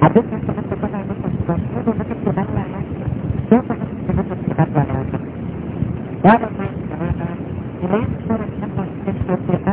abin ta nan ya da masa ta ba na ba ba ma da ba na ne su ran nan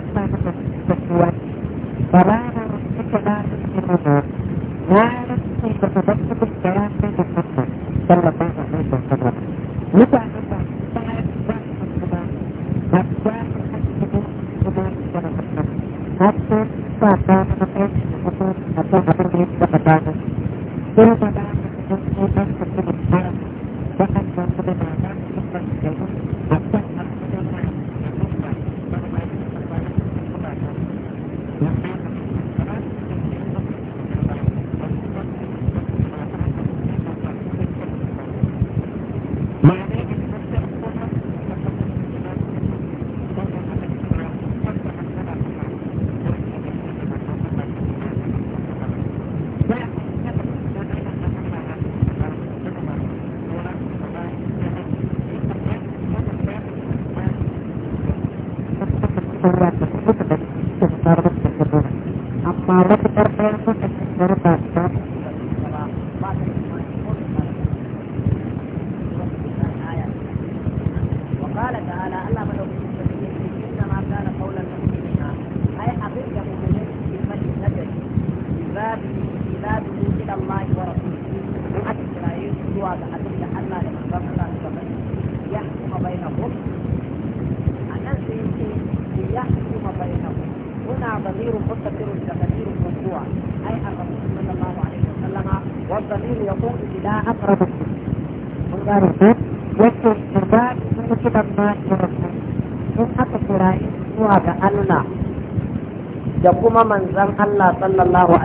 sallallahu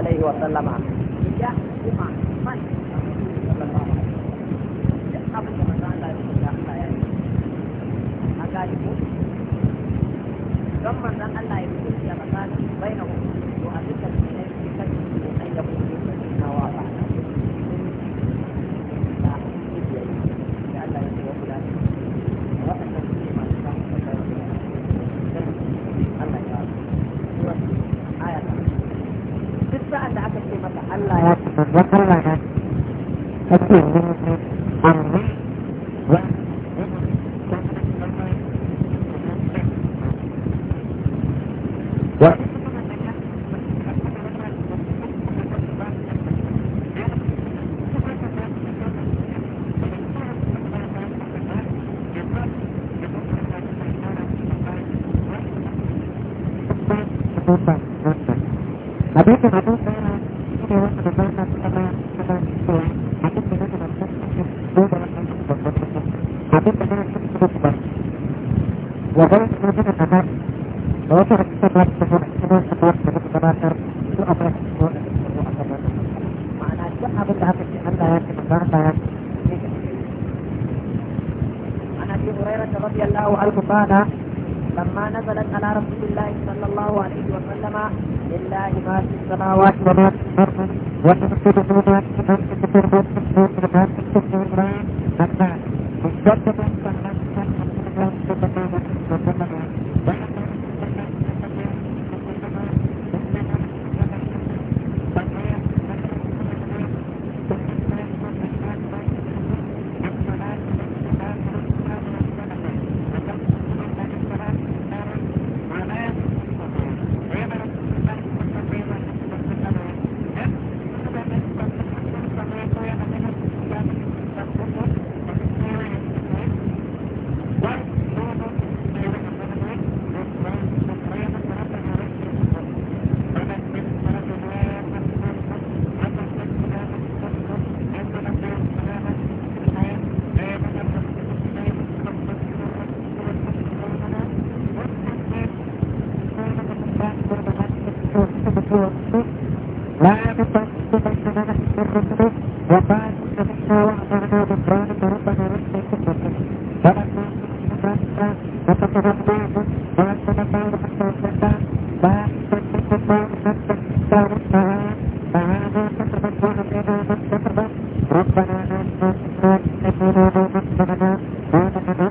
Gracias.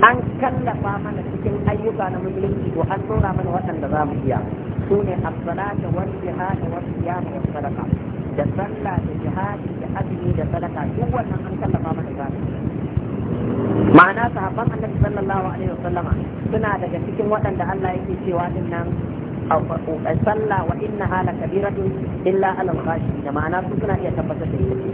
an kallafa mana cikin ayyuka na musulunci to an tsora mana waɗanda za mu iya su ne as da wani jihad wal siyam wal sadaqa da sallah da jihadi da azumi da sadaka duk wannan an kallafa mana za ma'ana sahabban annabi sallallahu alaihi wasallama suna daga cikin waɗanda Allah yake cewa din nan sallah wa inna hala kabiratun illa alal khashin da ma'ana su suna iya tabbatar da ita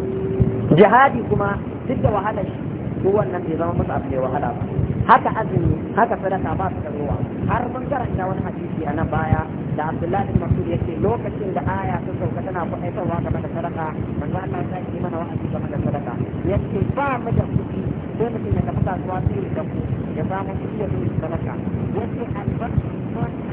jihadi kuma duk da wahalar shi duk wannan bai zama musu abu wahala ba haka azumi haka sadaka ba su da ruwa har mun karanta wani hadisi a nan baya da abdullahi bin masud yake lokacin da aya ta sauka tana faɗaitarwa game da sadaka manzo Allah ya yi mana wa'azi game da sadaka yake ba mu da kuɗi sai mutum ya tafi kasuwa sai ya dako ya samu kuɗi ya zo sadaka albarka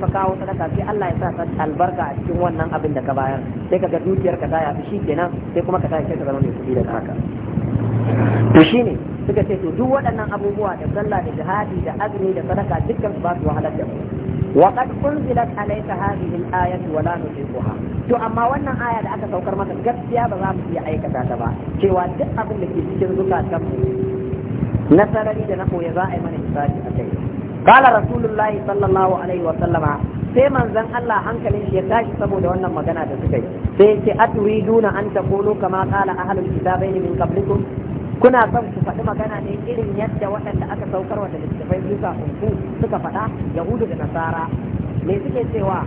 Fa kawo sadaka sai Allah ya sa ka albarka a cikin wannan abin da ka bayar sai kaga dukiyar ka ta yafi shikenan sai kuma ka tashi ka zama mai kuɗi da haka to shine suka ce to duk waɗannan abubuwa da sallah da jihadi da azumi da sadaka dukkan su ba su wahalar da mu وقد أنزلت عليك هذه الآية ولا نطيقها to amma wannan aya da aka saukar maka gaskiya ba za mu iya aikata ta ba cewa duk abin da ke cikin zukatan mu na sarari da na koya za a yi mana hisabi a kai qala rasulullahi sallallahu alaihi wa sallama sai manzan Allah hankalin shi ya tashi saboda wannan magana da suka yi sai yace aturiduna an taqulu kama qala ahlul kitabaini min qablikum kuna son ku faɗi magana ne irin yadda waɗanda aka saukar da littattafai biyu kafin ku suka faɗa yahudu da nasara me suke cewa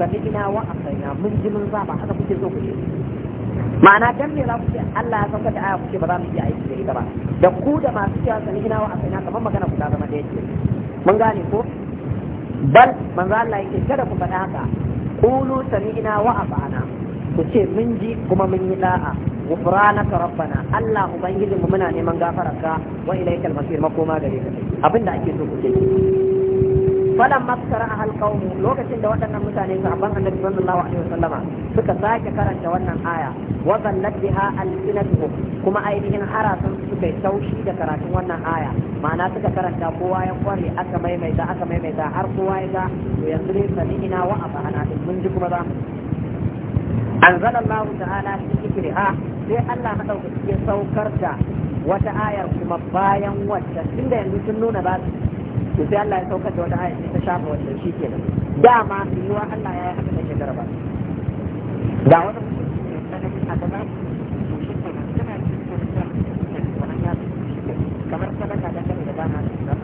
sami'ina wa asaina mun ji mun kuke so ku ce ma'ana dan me za ku ce Allah ya saukar da aya ku ba za mu yi aiki da ita ba da ku da masu cewa sami'ina wa asaina kamar magana ku ta zama da yake mun gane ko bal manzo Allah yake kada ku faɗa haka qulu sami'na wa ata'na ku ce mun ji kuma mun yi da'a ghufranaka rabbana Allah ubangijinmu muna neman gafararka wa ilaikal masir makoma gare ka abinda ake so ku ce falan maskara a halkaunmu lokacin da waɗannan mutane sahabban annabi sallallahu alaihi wasallama suka sake karanta wannan aya wa zallat biha alsinatuhum kuma ainihin harasan su suka taushi da karatun wannan aya ma'ana suka karanta kowa ya kware aka maimaita aka maimaita har kowa ya ga to yanzu ne ina wa abana mun ji kuma za mu أنزل الله تعالى في ha sai Allah maɗaukaki ya saukar da wata ayar kuma bayan wacce tunda yanzu sun nuna ba su to sai Allah ya saukar da wata aya ta shafa wannan shi kenan dama yiwa Allah ya yi haka da shekara ba ga wani mutum a gaba kamar sadaka da da dama da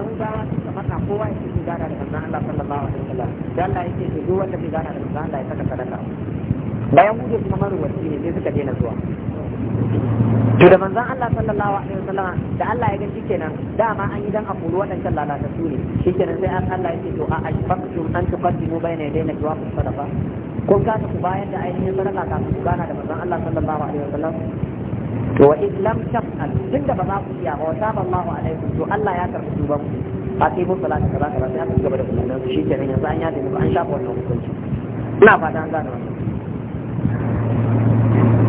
su ba kowa yake su gana da Allah sallallahu alaihi da Allah yake duk wanda bai gana da Allah ya saka sadaka bayan hudu kuma maruwaci ne sai suka daina zuwa to da manzan Allah sallallahu alaihi wasallam da Allah ya ga shikenan dama an yi dan a kuru waɗancan lalatattu ne shikenan sai Allah ya ce to a ashfaqtum an tuqaddimu bayna yadayna jawab sadaqa kun ta ku bayan da ainihin sadaqa ka ku gana da manzan Allah sallallahu alaihi wasallam to wa in lam taqal tunda ba za ku iya ba wa Allahu alaikum to Allah ya karbi tuban ku ba sai mun salata kaza kaza sai aka gaba da kullun shi kenan yanzu an yaje muku an shafa wannan hukunci ina fata an gane wannan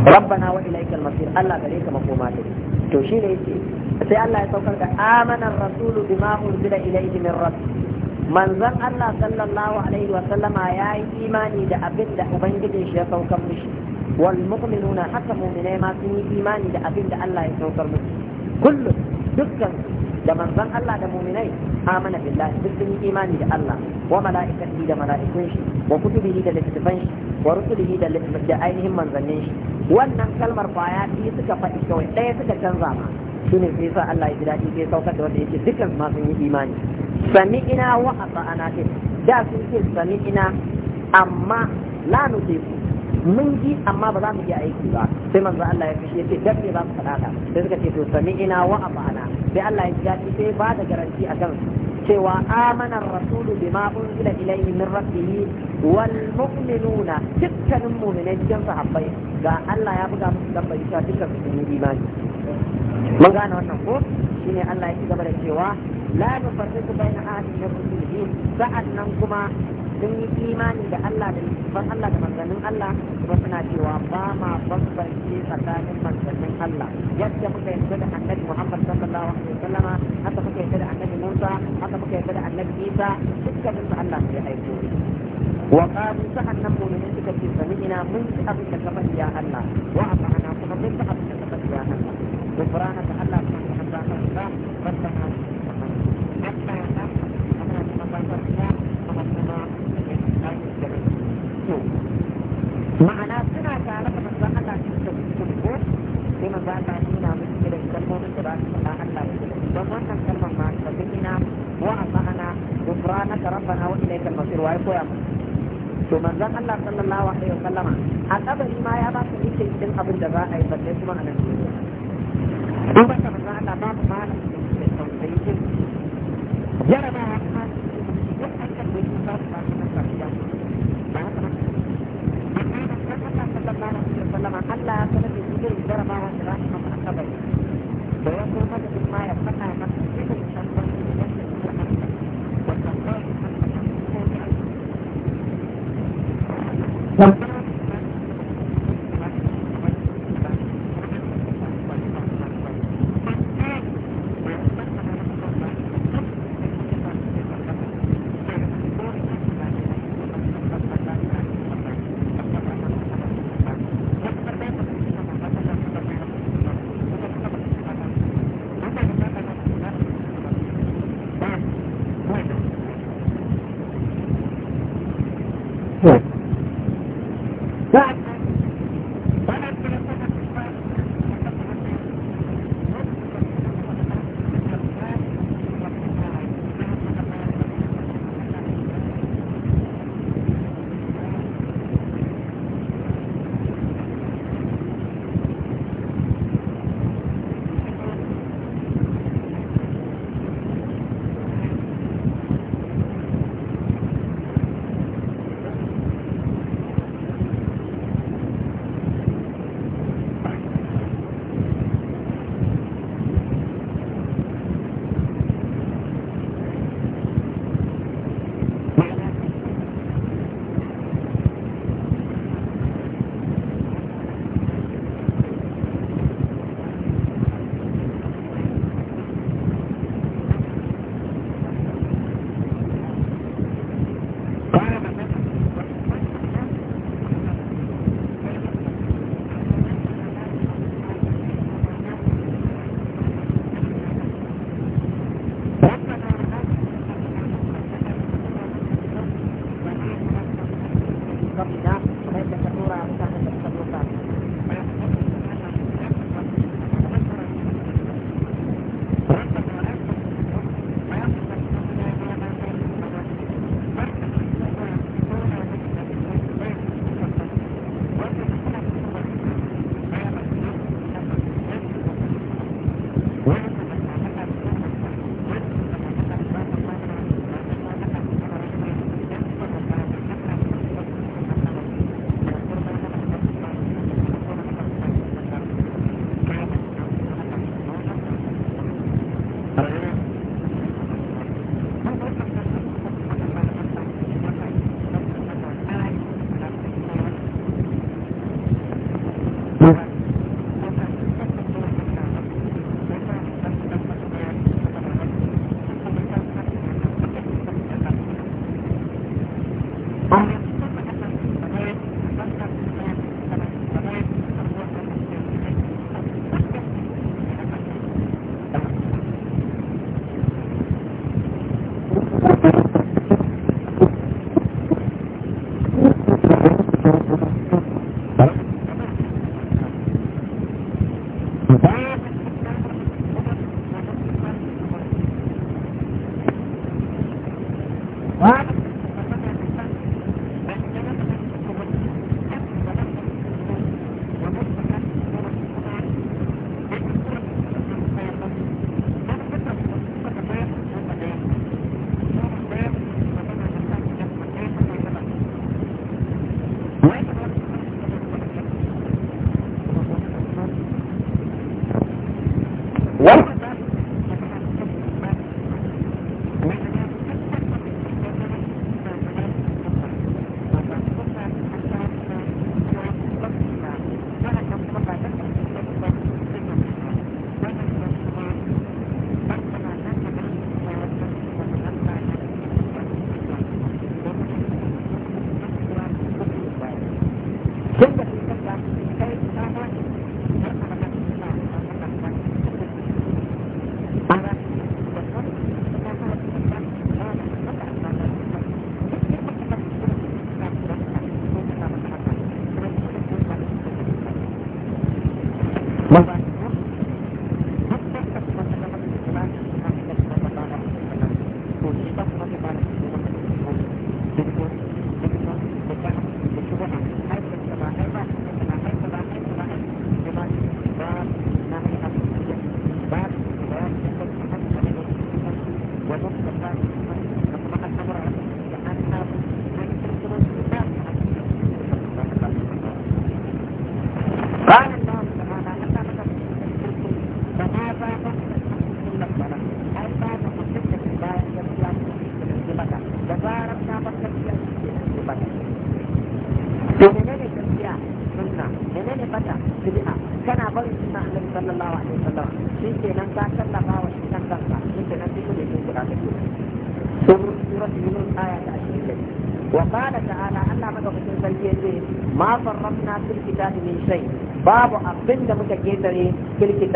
rabbana wa ilaikal masir Allah gare ka makoma ta to shi ne yake sai Allah ya saukar da amanar rasulu bima unzila ilayhi min rabbi manzon Allah sallallahu alaihi wa sallama yayi imani da abin da ubangijin shi ya saukar mishi wal mu'minuna haka mu'minai ma sun imani da abin da Allah ya saukar mishi kullum dukkan da manzon Allah da muminai amana billah duk sun yi imani da Allah wa mala'ikatihi da mala'ikun shi wa da shi wa da ainihin manzannin shi wannan kalmar kwaya biyu suka faɗi kawai ɗaya suka canza ma shine sai sa Allah ya ji daɗi sai saukar da wanda yake dukkan ma sun yi imani sami ina wa asa'ana da sun ce sami ina amma la nusifu mun ji amma ba za mu iya aiki ba sai manzo Allah ya fishi ce dan me za mu faɗa ka sai suka ce to ina wa amana sai Allah ya ji sai ba da garanti akan cewa amanar rasulu bima unzila ilayhi min rabbih wal mu'minuna dukkanin mu'minai cikin sahabbai ga Allah ya buga musu dabbai cewa dukkan su ne imani mun gane wannan ko shine Allah ya ci gaba da cewa la nufarriqu baina ahadin min rusulihi sa'annan kuma sun yi imani da Allah da ban Allah da manzannin Allah kuma suna cewa ba ma bambance tsakanin manzannin Allah yadda muka yanzu da annabi Muhammad sallallahu alaihi wasallama haka muka yanzu da annabi Musa haka muka yanzu da annabi Isa dukkanin su Allah ya aiko wa qalu sa'annan mu'minin suka ce ina mun ci abin da ka faɗi ya Allah wa amana kuma mun ci abin da ka faɗi ya Allah gufranaka Allah subhanahu wa ta'ala rabbana to manzon Allah sallallahu alaihi a kabari ma ya ba ka yake cikin abin da za a yi balle kuma a nan duniya duba ka manzon Allah ba ku ma da jarabawa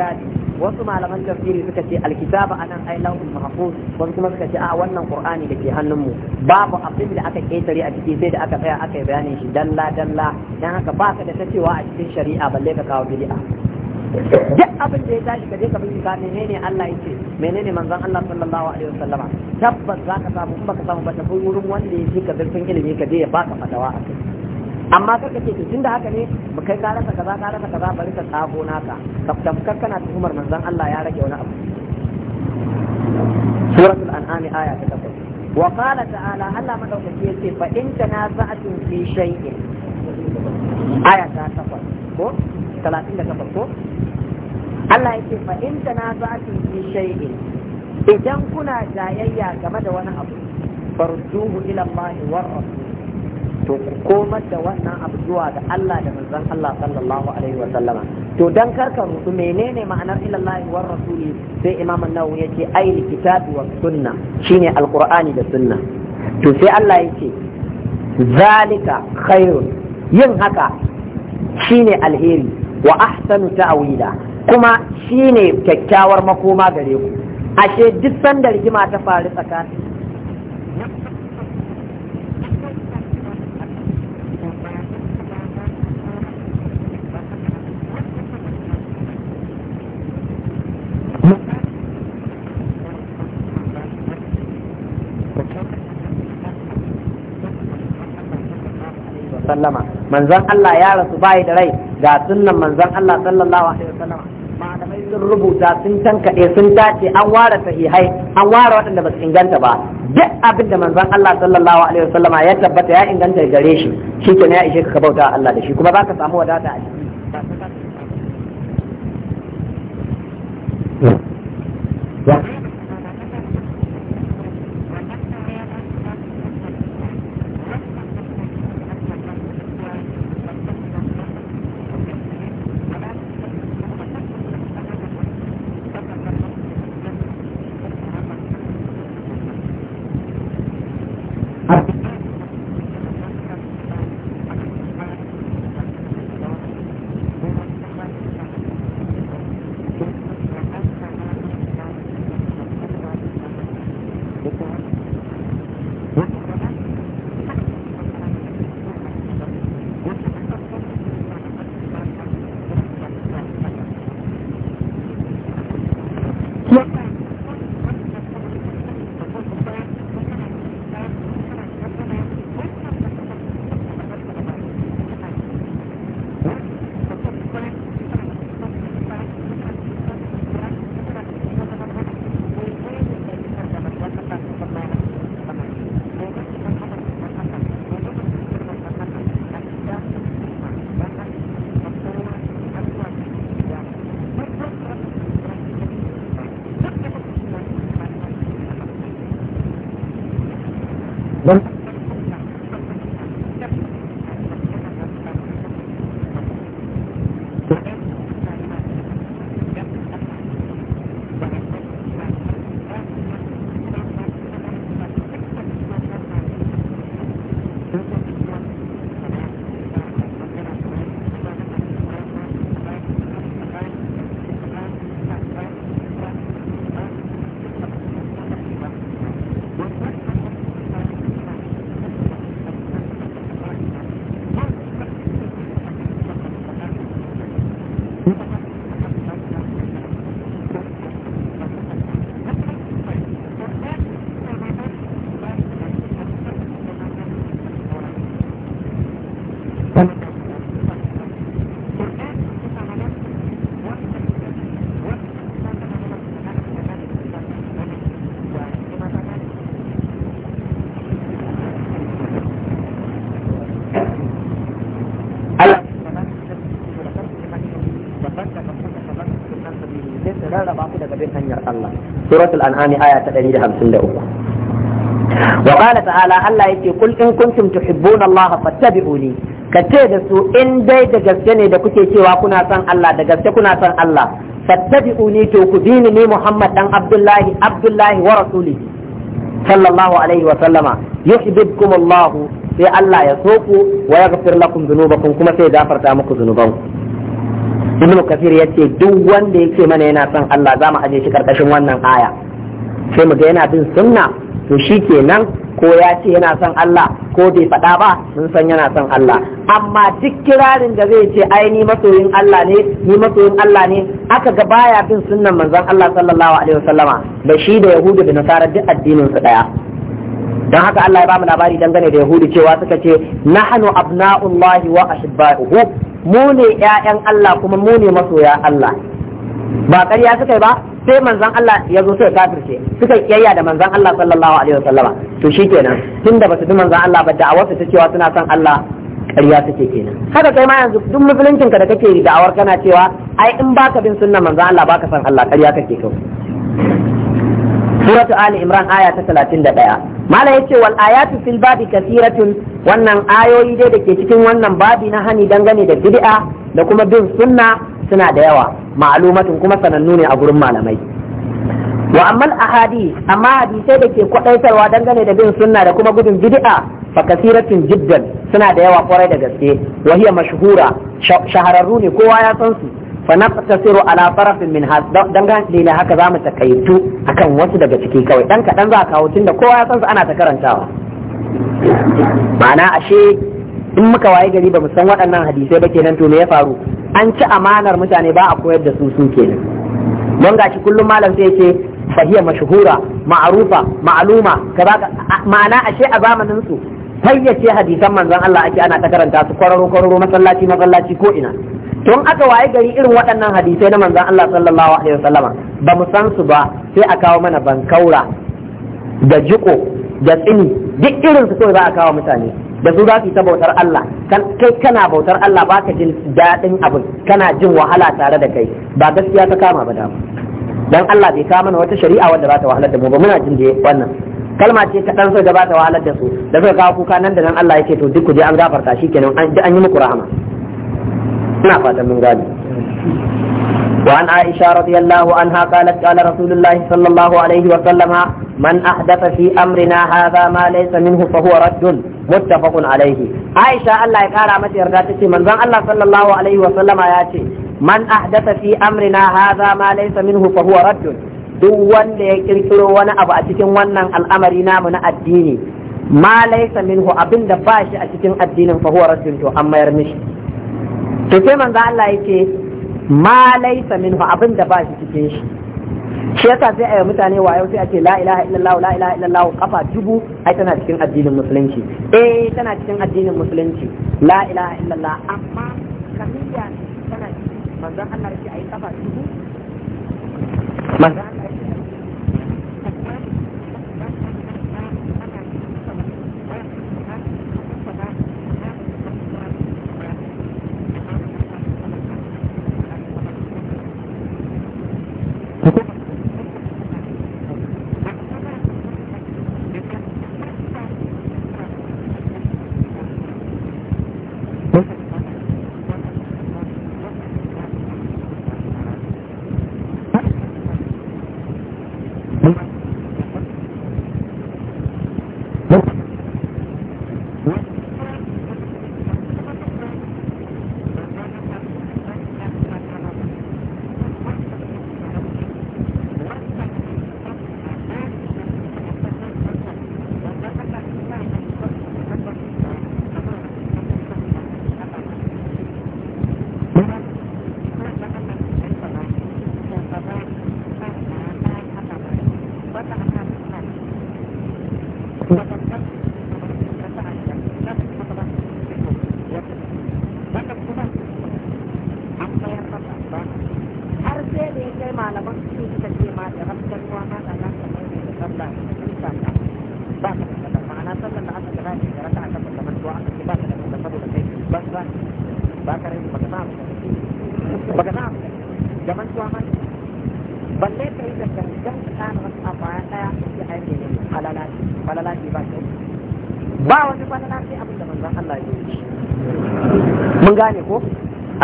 misali wasu malaman tafsiri suka ce alkitaba anan ai lawhul mahfuz wasu kuma suka ce a wannan qur'ani da ke hannunmu babu abin da aka ketare a ciki sai da aka tsaya aka yi bayanin shi dalla dalla dan haka baka da ta cewa a cikin shari'a balle ka kawo bid'a duk abin da ya tashi ka je ka bincika menene Allah ya ce menene manzon Allah sallallahu alaihi wasallama tabbas zaka samu in baka samu ba ta wurin wanda ya ce ka zurfin ilimi ka je ya baka fatawa a kai amma ka ce to tunda haka ne kai ka rasa kaza ka rasa kaza bari ka tsago naka ka tamkar kana tuhumar manzon Allah ya rage wani abu suratul an'am aya ta 8 wa qala ta'ala Allah madaukaki yace fa in tanaza'atun fi shay'in aya ta 8 ko 38 ko Allah yace fa in tanaza'atun fi shay'in idan kuna jayayya game da wani abu farduhu ila Allah wa rasul to ku komar da wannan abu zuwa ga Allah da manzon Allah sallallahu alaihi wa sallama to dan karka rutu menene ma'anar ilallahi war rasuli sai imam an-nawawi yace ai kitabi wa sunna shine alqur'ani da sunna to sai Allah yace zalika khairun yin haka shine alheri wa ahsanu ta'wila kuma shine kyakkyawar makoma gare ku ashe duk sanda rigima ta faru tsakanin wasallama manzon Allah ya rasu bai da rai ga sunnan manzon Allah sallallahu alaihi wasallama malamai sun rubuta sun tankaɗe sun tace an ware sahihai an ware waɗanda ba su inganta ba duk abin da manzon Allah sallallahu alaihi wasallama ya tabbata ya inganta gare shi shi ke ya ishe ka bauta Allah da shi kuma zaka ka samu wadata a ciki Yeah. suratul an'am aya ta 153 ta'ala allah الله يتي قل إن كنتم تحبون kace da su in dai da gaske ne da kuke cewa kuna son Allah da gaske kuna son Allah fattabi'uni to ku bini ni Muhammad dan Abdullahi Abdullahi wa rasulihi sallallahu alaihi wa sallama yuhibbukum Allah sai Allah ya so ku wa yaghfir lakum dhunubakum kuma sai gafarta muku dhunubanku Ibn ya ce duk wanda yake mana yana son Allah za mu aje shi karkashin wannan aya sai mu ga yana bin sunna to shi kenan ko ya ce yana son Allah ko bai faɗa ba mun san yana son Allah amma duk kirarin da zai ce ai ni masoyin Allah ne ni masoyin Allah ne aka ga baya bin sunnan manzon Allah sallallahu alaihi wasallama da shi da yahudu da nasara duk addinin su daya don haka Allah ya bamu labari dangane da Yahudu cewa suka ce nahnu abna'ullahi wa ahibba'uhu mu ne ƴaƴan Allah kuma mu ne masoya Allah ba ƙarya suka yi ba sai manzon Allah ya zo sai kafirce suka kiyayya da manzon Allah sallallahu alaihi wasallama to shikenan tunda basu bi manzon Allah ba da'awar ta cewa suna son Allah ƙarya suke kenan haka kai ma yanzu duk musuluncin ka da kake da'awar kana cewa ai in baka bin sunnan manzon Allah baka san Allah ƙarya kake kawai suratu ali imran aya ta 31 mala yace wal ayatu fil babi kathiratun wannan ayoyi dai da ke cikin wannan babi na hani dangane da bid'a da kuma bin sunna suna da yawa ma'alumatun kuma sanannu ne a gurin malamai wa amma ahadi amma hadisai da ke kwadaitarwa dangane da bin sunna da kuma gudun bid'a fa kasiratin jiddan suna da yawa kwarai da gaske wa hiya mashhura shahararru ne kowa ya san su fa naqtasiru ala tarafin min dangane da haka zamu takaitu akan wasu daga ciki kawai dan kadan za ka kawo tunda kowa ya san su ana ta karantawa ma'ana ashe in muka waye gari ba mu san waɗannan hadisai ba kenan to me ya faru an ci amanar mutane ba a koyar da su su ke nan. don gashi kullum malam sai ce fahiya mashhura ma'arufa ma'aluma ba ma'ana ashe a zamanin su fayyace hadisan manzon Allah ake ana ta karanta su kwararo kwararo masallaci masallaci ko ina tun aka waye gari irin waɗannan hadisai na manzon Allah sallallahu alaihi wasallama ba mu san su ba sai a kawo mana bankaura da jiko da tsini duk irin su kawai za a kawo mutane da su za su yi ta bautar Allah kai kana bautar Allah ba ka jin daɗin abin kana jin wahala tare da kai ba gaskiya ta kama ba dama dan Allah bai kama mana wata shari'a wanda za ta wahalar da mu ba muna jin da wannan kalma ce ta so da ba ta wahalar da su da suka kawo kuka nan da nan Allah yake to duk ku je an gafarta kenan an yi muku rahama ina fatan mun gane وعن عائشة رضي الله عنها قالت قال رسول الله صلى الله عليه وسلم من أحدث في أمرنا هذا ما ليس منه فهو رد متفق عليه عائشة الله يقال متى يرداتك من ذن الله صلى الله عليه وسلم ياتي من أحدث في أمرنا هذا ما ليس منه فهو رد duk wanda ya kirkiro wani abu a cikin wannan al'amari namu na addini ma laisa minhu abin da ba shi a cikin addinin fa huwa raddun to an mayar mishi to sai manzo Allah yake ma laisa fa abin da ba shi cikin shi shi yasa sai a yi mutane yau sai a ce la ilaha illallah la ilaha illallah kafa dubu ai tana cikin addinin musulunci eh tana cikin addinin musulunci la ilaha illallah amma kamiya tana cikin manzon Allah shi ai kafa dubu manzon Allah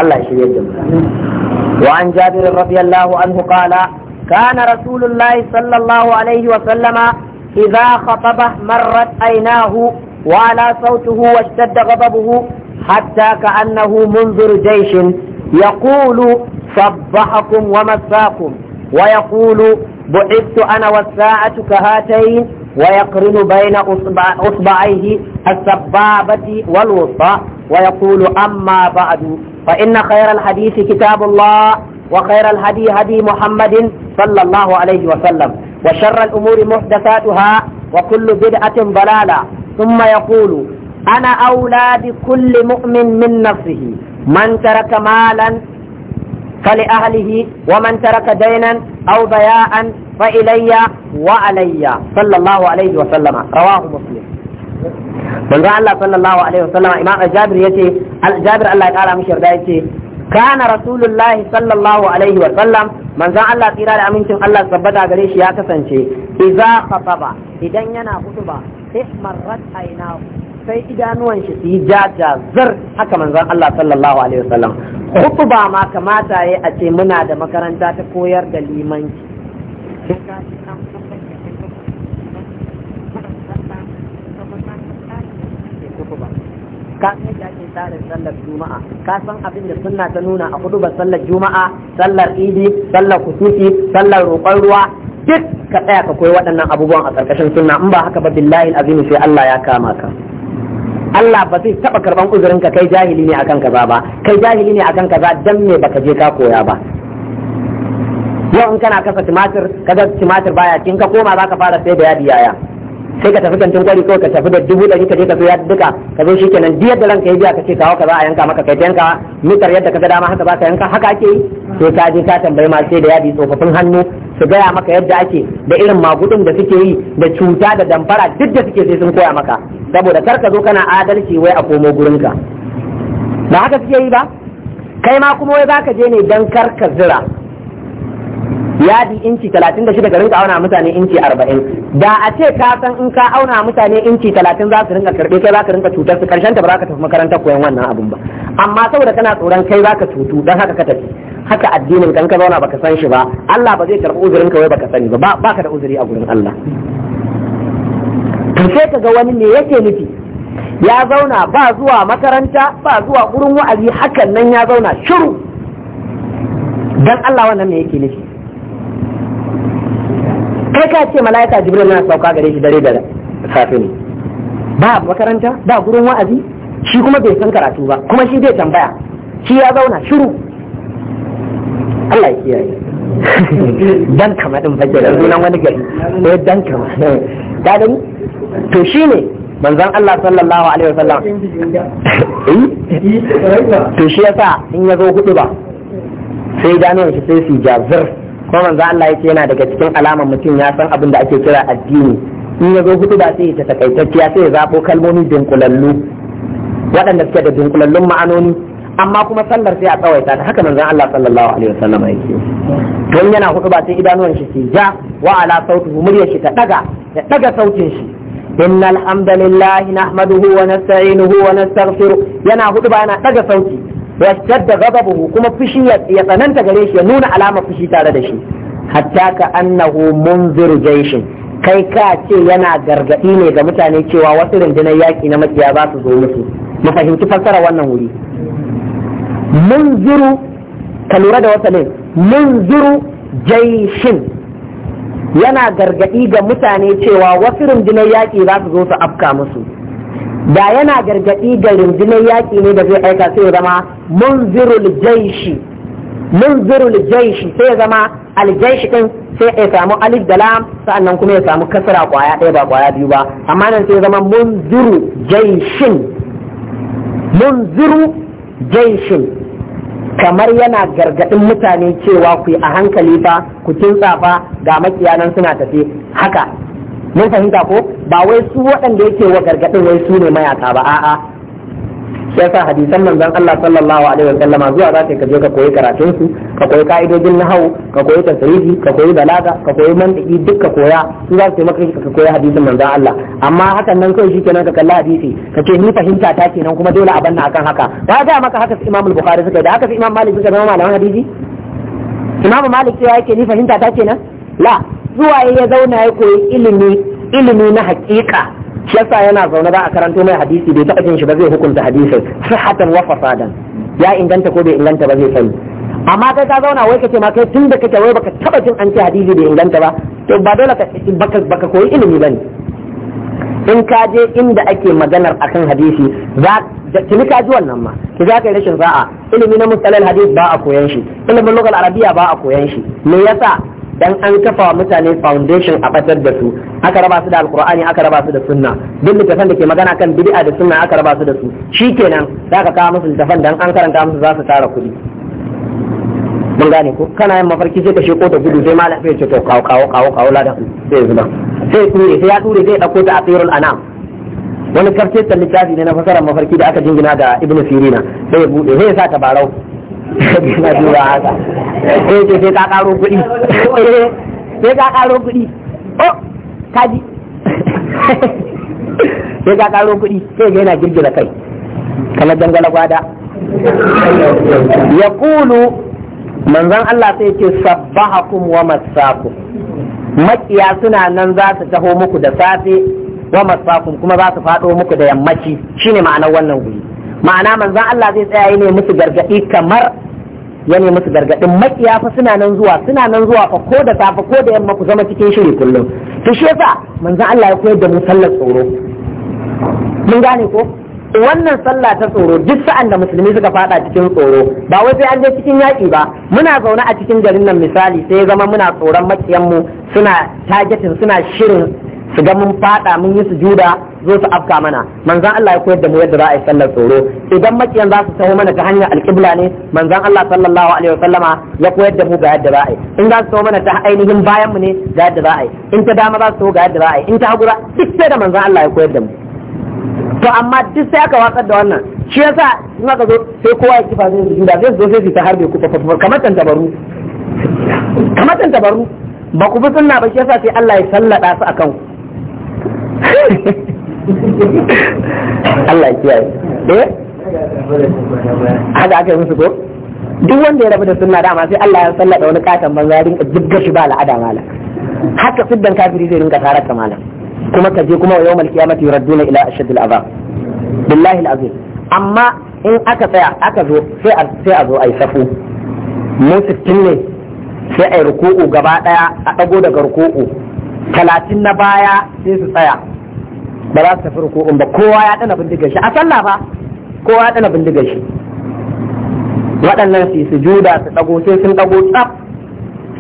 الله يشير جمعا وعن جابر رضي الله عنه قال كان رسول الله صلى الله عليه وسلم إذا خطبه مرت أيناه وعلى صوته واشتد غضبه حتى كأنه منذر جيش يقول صبحكم ومساكم ويقول بعثت أنا والساعة كهاتين ويقرن بين أصبعيه السبابة والوسطى ويقول أما بعد فإن خير الحديث كتاب الله وخير الهدي هدي محمد صلى الله عليه وسلم وشر الأمور محدثاتها وكل بدعة ضلالة ثم يقول أنا أولى بكل مؤمن من نفسه من ترك مالا فلأهله ومن ترك دينا أو ضياء فإلي وعلي صلى الله عليه وسلم رواه مسلم manzo Allah sallallahu alaihi wasallam imam Jabir yace Jabir Allah ya kara mishi yarda yace kana rasulullahi sallallahu alaihi wasallam manzo Allah tsira da amincin Allah sabbata gare shi ya kasance idza khataba idan yana hutuba ihmarrat aynahu sai idanuwan shi su yi jaja zar haka manzon Allah sallallahu alaihi wasallam hutuba ma kamata yayi a ce muna da makaranta ta koyar da limanci ka san yadda ake sallar juma'a ka san abin da sunna ta nuna a hudu ba sallar juma'a sallar idi sallar kusufi sallar roƙon ruwa duk ka tsaya ka koyi waɗannan abubuwan a ƙarƙashin sunna in ba haka ba billahi azimi sai Allah ya kama ka Allah ba zai taɓa karɓan uzurin ka kai jahili ne akan kaza ba kai jahili ne akan kaza dan me baka je ka koya ba yau in kana kasa tumatir kaga tumatir baya kin ka koma zaka fara sai da yadi yaya sai ka tafi kantin kwari kawai ka tafi da dubu ɗari ka je ka zo ya duka ka zo shikenan duk yadda ranka ya biya ka ce kawo ka za a yanka maka kai ta yanka mitar yadda ka ga dama haka ba ka yanka haka ake yi sai ka je ka tambayi masu sai da yadi tsofaffin hannu su gaya maka yadda ake da irin magudin da suke yi da cuta da damfara duk da suke sai sun koya maka saboda kar ka zo kana adalci wai a komo gurinka ba haka suke yi ba kai ma kuma wai za ka je ne dan kar ka zira yadi inci 36 ka rinka auna mutane inci 40 da a ce ka san in ka auna mutane inci 30 za su rinka karbe kai za ka rinka cutar su karshen ta ba za ka tafi makarantar koyon wannan abun ba amma saboda kana tsoron kai za ka cutu dan haka ka tafi haka addinin kan ka zauna baka san shi ba Allah ba zai karbi uzurin ka wai baka sani ba ka da uzuri a gurin Allah to sai ka ga wani me yake nufi ya zauna ba zuwa makaranta ba zuwa gurin wa'azi hakan nan ya zauna shiru dan Allah wannan me yake nufi kai ka ce mala'ika jibril na sauka gare shi dare da safe ne ba makaranta ba gurin wa'azi shi kuma bai san karatu ba kuma shi bai tambaya shi ya zauna shiru Allah ya kiyaye dan kama din fage da sunan wani gari eh dan kama da dan to shine manzon Allah sallallahu alaihi wasallam eh? to shi yasa in ya zo hudu ba sai gano shi sai su jazir ko manzo Allah yake yana daga cikin alaman mutum ya san abin da ake kira addini in ya zo hudu ba sai ya takaitacciya sai ya zabo kalmomi dunkulallu waɗanda suke da dunkulallun ma'anoni amma kuma sallar sai a tsawaita ta haka manzon Allah sallallahu alaihi wasallam yake don yana hudu ba sai idanuwan shi ke ja wa ala sautuhu muryar shi ta daga ya daga sautin shi إن الحمد لله نحمده ونستعينه Yana ينا ba أنا تجا sauti. washtadda ghadabuhu kuma fushi ya tsananta gare shi ya nuna alamar fushi tare da shi hatta ka annahu munzir jaishin kai ka ce yana gargadi ne ga mutane cewa wasu rundunar yaki na makiya za su zo musu mu fahimci fassara wannan wuri munziru ka lura da wata ne munziru jaishin yana gargadi ga mutane cewa wasu rundunar yaki za su zo su afka musu da yana gargadi ga rundunar yaƙi ne da zai aika sai ya zama munzirul jaishi munzirul jaishi sai ya zama aljaishi din sai ya samu alif da lam sa'annan kuma ya samu kasra kwaya ɗaya ba kwaya biyu ba amma nan sai ya zama munziru jaishin munziru jaishin kamar yana gargadin mutane cewa ku yi a hankali fa ku kintsa fa ga makiyanan suna tafi haka mun fahimta ko ba wai su waɗanda yake wa gargaɗin wai su ne mayaka ba a'a shi yasa hadisan manzon Allah sallallahu alaihi wasallam zuwa za ka ka koyi karatun su ka koyi ka'idojin nahwu ka koyi tasrifi ka koyi balaga ka koyi mantiki duk ka koya su za su maka ka koyi hadisin manzon Allah amma hakan nan kai shikenan ka kalla hadisi ka ce ni fahimta ta kenan kuma dole a banna akan haka ba ga maka haka su Imam Bukhari suka da haka su Imam Malik suka zama malaman hadisi Imam Malik sai yake ni fahimta ta kenan la zuwa ya zauna ya koyi ilimi ilimi na hakika shi yasa yana zaune ba a karanto mai hadisi bai taɓa jin shi ba zai hukunta hadisin sihatan wa fasadan ya inganta ko bai inganta ba zai sani amma kai ka zauna wai kace ma kai tun da kake wai baka taɓa jin an ce hadisi bai inganta ba to ba dole ka baka baka koyi ilimi ba bane in ka je inda ake maganar akan hadisi za tuni ka ji wannan ma ki za ka yi rashin za'a ilimi na mustalal hadis ba a koyan shi ilimin lokal arabiya ba a koyan shi me yasa dan an kafa wa mutane foundation a batar da su aka raba su da alkur'ani aka raba su da sunna duk littafan da ke magana kan bid'a da sunna aka raba su da su shikenan za ka kawo musu littafan dan an karanta musu za su tara kuɗi mun gane ko kana yin mafarki sai ka sheko ta gudu sai malam sai ya ce to kawo kawo kawo kawo ladan sai zuba sai ture sai ya ture sai ya dauko ta asirul anam wani karfe ta littafi ne na fasarar mafarki da aka jingina da ibnu sirina sai ya bude sai ya sa tabarau na duba haka eh ce sai ka karo kuɗi eh sai ka karo kuɗi oh kaji sai ka karo kuɗi sai ga yana girgiza kai kamar dangala gwada ya kulu manzan Allah sai ce sabbahakum wa masakum makiya suna nan za su taho muku da safe wa masakum kuma za su faɗo muku da yammaci shine ma'anar wannan guri ma'ana manzon Allah zai tsaya ne musu gargaɗi kamar ya ne musu gargaɗin makiya fa suna nan zuwa suna nan zuwa fa ko da safe ko da yamma ku zama cikin shiri kullum to shi yasa manzan Allah ya koyar da mu sallar tsoro mun gane ko wannan sallah ta tsoro duk sa'an da musulmi suka fada cikin tsoro ba wai sai an je cikin yaƙi ba muna zaune a cikin garin nan misali sai zama muna tsoron makiyan mu suna targetin suna shirin su ga mun fada mun yi sujuda zo su afka mana manzan Allah ya koyar da mu yadda za a yi sallar tsoro idan makiyan za su taho mana ta hanyar alƙibla ne manzan Allah sallallahu alaihi wasallama ya koyar da mu ga yadda za a yi in za su taho mana ta ainihin bayan mu ne ga yadda za a yi in ta dama za su taho ga yadda za a yi in ta hagura duk sai da manzan Allah ya koyar da mu to amma duk sai aka watsar da wannan shi yasa in aka zo sai kowa ya kifa zai sujuda zai zo sai su ta harbe ku fa kamar tantabaru kamar tantabaru ba ku bi sunna ba shi yasa sai Allah ya sallada su akan ku Allah kiyaye eh haka aka yi musu ko duk wanda ya rabu da sunna dama sai Allah ya sallada wani katon banza rinka jibga shi ba al'ada mala haka siddan kafiri zai rinka tarar ta mala kuma ka je kuma wa yawmal qiyamati yuradduna ila ashaddil azab billahi alazim amma in aka tsaya aka zo sai a sai a zo ai safu mun sittin ne sai ai ruku'u gaba daya a dago daga ruku'u talatin na baya sai su tsaya ba za su tafi ruku'un ba kowa ya ɗana bindigar shi a sallah ba kowa ya ɗana bindigar shi waɗannan su juda su ɗago sai sun ɗago tsaf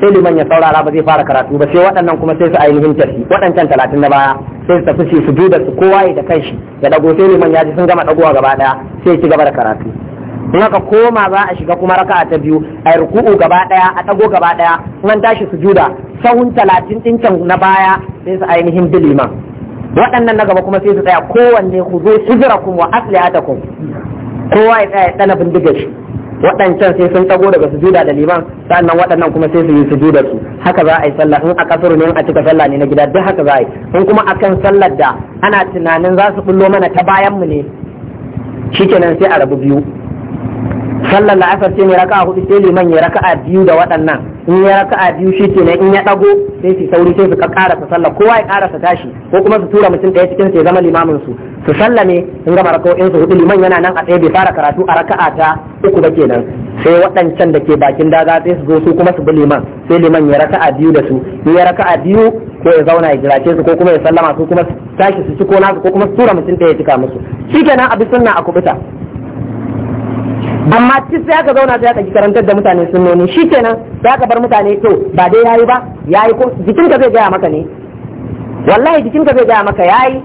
sai liman ya saurara ba zai fara karatu ba sai waɗannan kuma sai su ainihin tafi waɗancan talatin na baya sai su tafi su juda su kowa ya da kanshi ya ɗago sai liman ya ji sun gama ɗagowa gaba ɗaya sai ya ci gaba da karatu in aka koma za a shiga kuma raka'a ta biyu a ruku'u gaba daya a tago gaba daya in an tashi sujuda sahun talatin din na baya sai su ainihin biliman waɗannan na gaba kuma sai su tsaya kowanne ku zo hijirakum wa aslihatakum kowa ya tsaya tsana bindigar shi waɗancan sai sun tago daga sujuda da liman sannan waɗannan kuma sai su yi sujudar su haka za a yi sallah in a kasar ne a cika sallah ne na gida duk haka za a yi in kuma akan sallar da ana tunanin za su bullo mana ta bayan mu ne shikenan sai a rabu biyu sallar la'asar ce mai raka'a hudu sai liman ya raka'a biyu da waɗannan in ya raka'a biyu shi ke in ya ɗago sai su sauri sai su su sallah kowa ya karasa tashi ko kuma su tura mutum ɗaya cikin su ya zama limamin su su ne in gama raka'o'in su hudu liman yana nan a tsaye bai fara karatu a raka'a ta uku ba kenan sai waɗancan da ke bakin daga sai su zo su kuma su bi liman sai liman ya raka'a biyu da su in ya raka'a biyu ko ya zauna ya jirace su ko kuma ya sallama su kuma tashi su ci ko nasu ko kuma su tura mutum ɗaya ya cika musu shi a abi sunna a kubuta amma ci sai aka zauna sai aka ji karantar da mutane shi shikenan sai aka bar mutane to ba dai yayi ba yayi ko jikinka zai gaya maka ne wallahi jikinka zai gaya maka yayi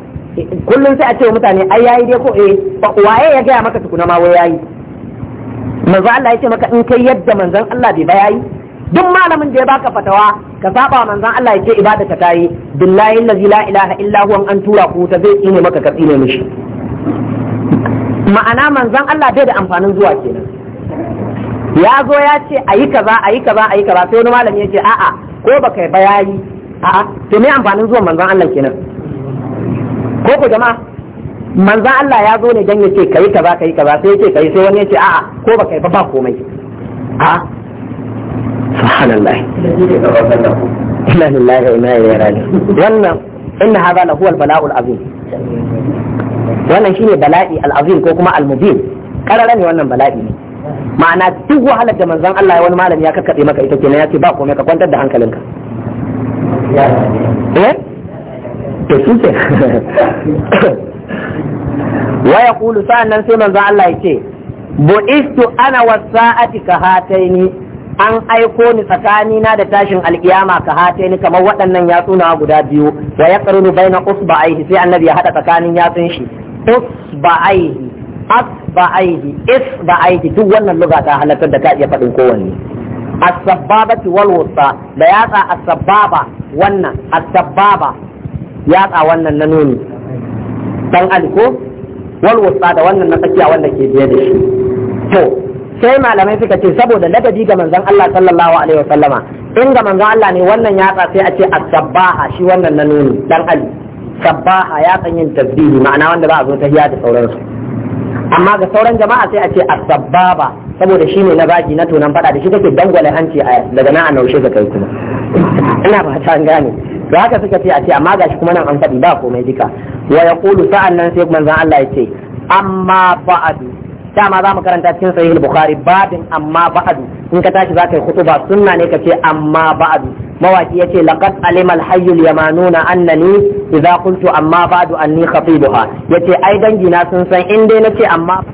kullum sai a ce mutane ai yayi dai ko eh waye ya gaya maka tukuna ma wai yayi manzo Allah ya ce maka in kai yadda manzon Allah bai ba yayi duk malamin da ya baka fatawa ka saba manzon Allah ya ce ibada ta tayi billahi la ilaha illa huwa an tura ku ta zai ne maka katsi ne mishi ma'ana manzan Allah bai da amfanin zuwa kenan ya zo ya ce a yi kaza a yi kaza a yi kaza sai wani malami ya ce a'a ko ba kai ba yi a'a to me amfanin zuwa manzan Allah kenan ko ku jama'a manzan Allah ya zo ne dan ya ce kai kaza kai kaza sai ya ce kai sai wani ya ce a'a ko ba kai ba ba komai a subhanallah inna lillahi wa inna ilaihi raji'un wannan inna hadha lahu al-bala'ul azim wannan shine bala'i al'azim ko kuma al-mubin karara ne wannan bala'i ne ma'ana duk wahalar da manzon Allah ya wani malami ya kakkabe maka ita kenan ya ce ba komai ka kwantar da hankalinka eh to shi wa yaqulu sa'an nan sai manzon Allah ya ce bu'istu ana wasa'ati ka hataini an aiko ni tsakanina da tashin alkiyama ka hate ni kamar waɗannan yatsuna guda biyu wa ya karunu baina usba'aihi sai annabi ya haɗa tsakanin yatsun shi usba'aihi asba'aihi isba'aihi duk wannan luga ta halartar da ka iya faɗin kowanne asabbaba sabbabati wal wusta da yatsa asabbaba sabbaba wannan asabbaba sabbaba yatsa wannan na nuni dan aliko wal da wannan na tsakiya wanda ke biye da shi to sai malamai suka ce saboda ladabi ga manzon Allah sallallahu alaihi wasallama in ga manzon Allah ne wannan yatsa sai a ce as-sabbaha shi wannan na nuni dan ali sabbaha ya san yin tasbihi ma'ana wanda ba a zo tahiyya da sauransu amma ga sauran jama'a sai a ce as-sabbaba saboda shi ne na baki na tonan fada da shi kake dangwale hanci daga nan a naushe ka kai kuma ina ba ta gane Da haka suka ce a ce amma gashi kuma nan an faɗi ba komai duka wa yaqulu sa'an nan sai manzon Allah ya ce amma ba'adu dama za mu karanta cikin sahih bukhari babin amma ba'adu in ka tashi za ka yi khutuba sunna ne ka ce amma ba'adu mawaki yace laqad alimal hayyul yamanuna annani idza qultu amma ba'adu anni khatibuha yace ai dangi na sun san in dai nace amma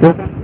Huh?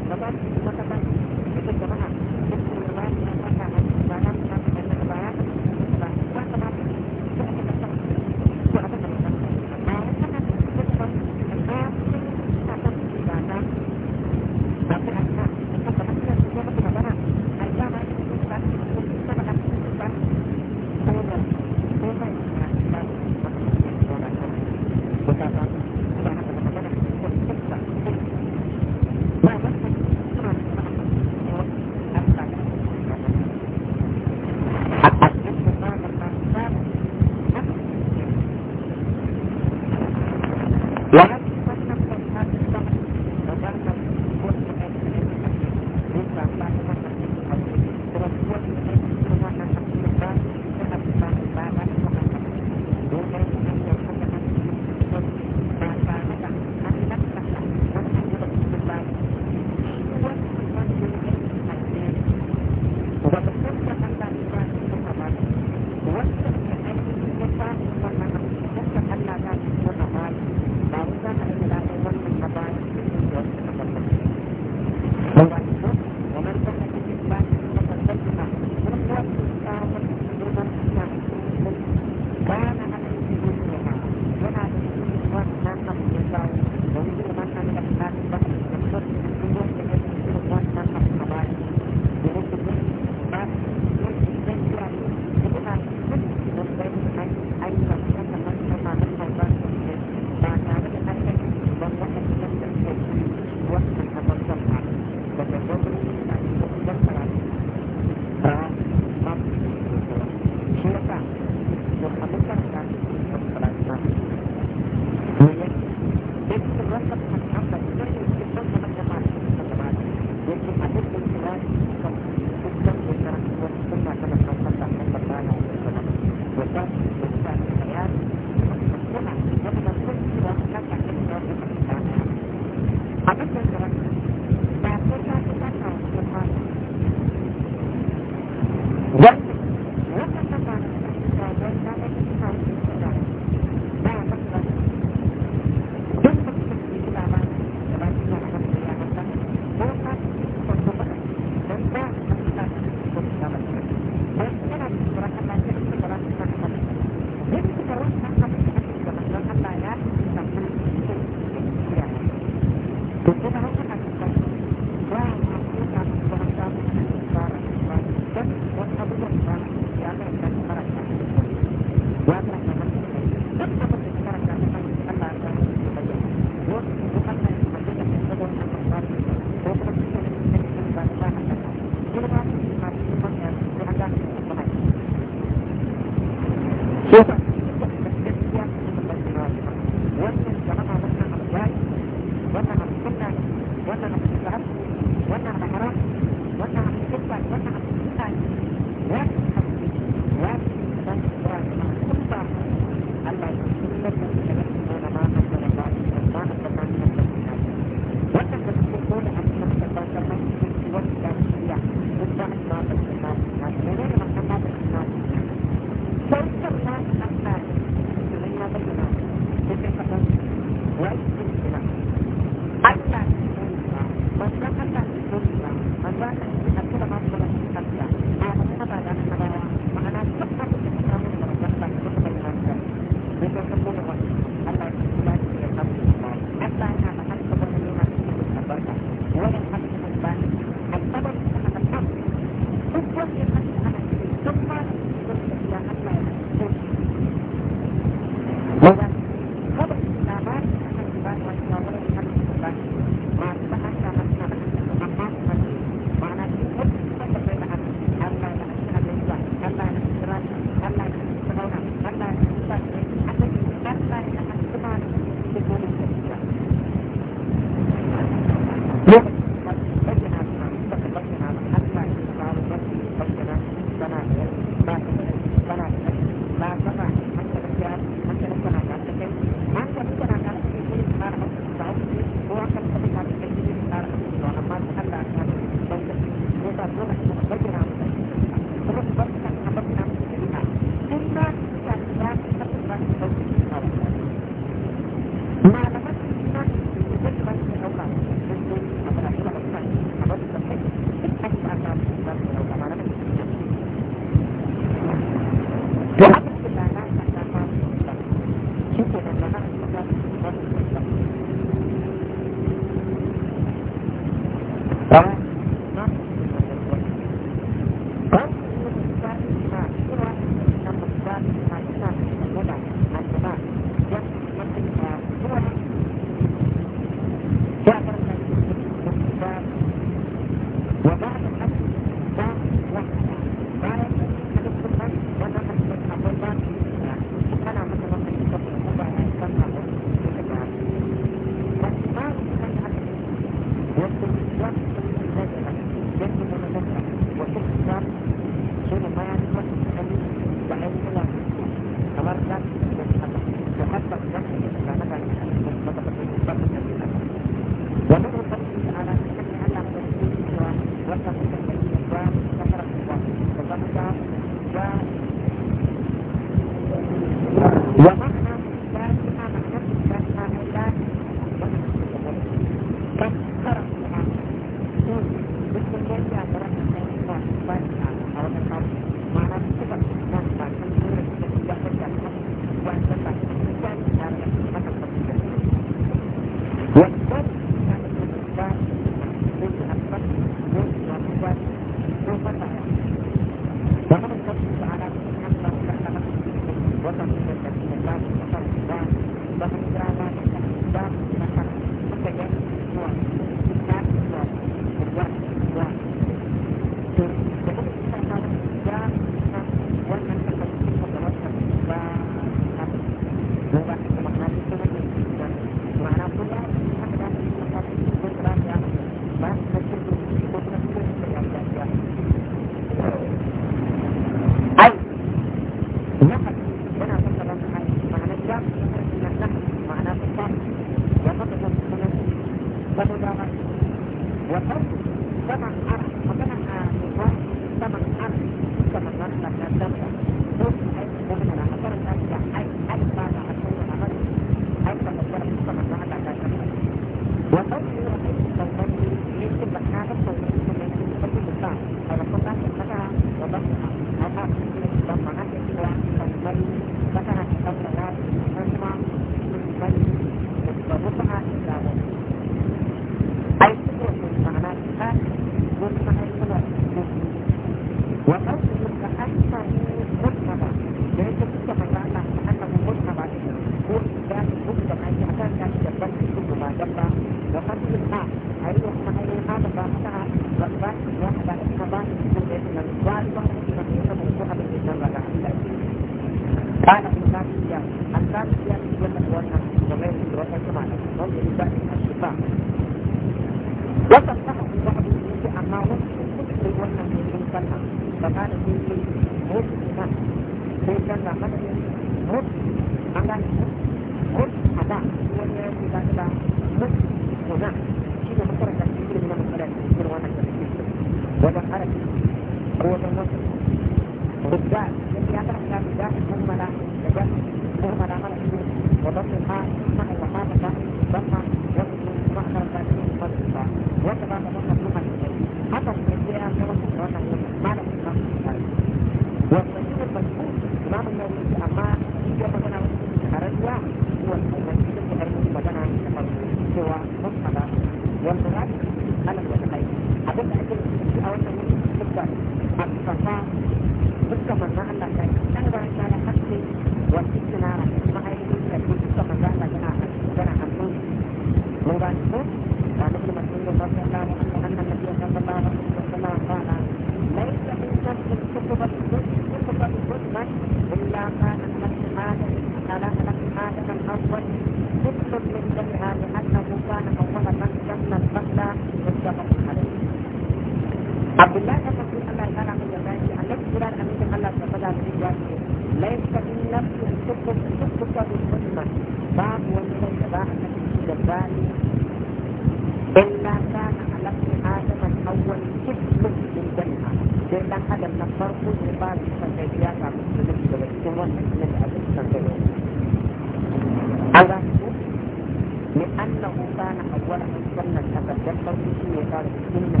kana awwal wannan takardar farko shine ka da sunan da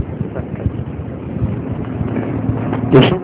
suka kai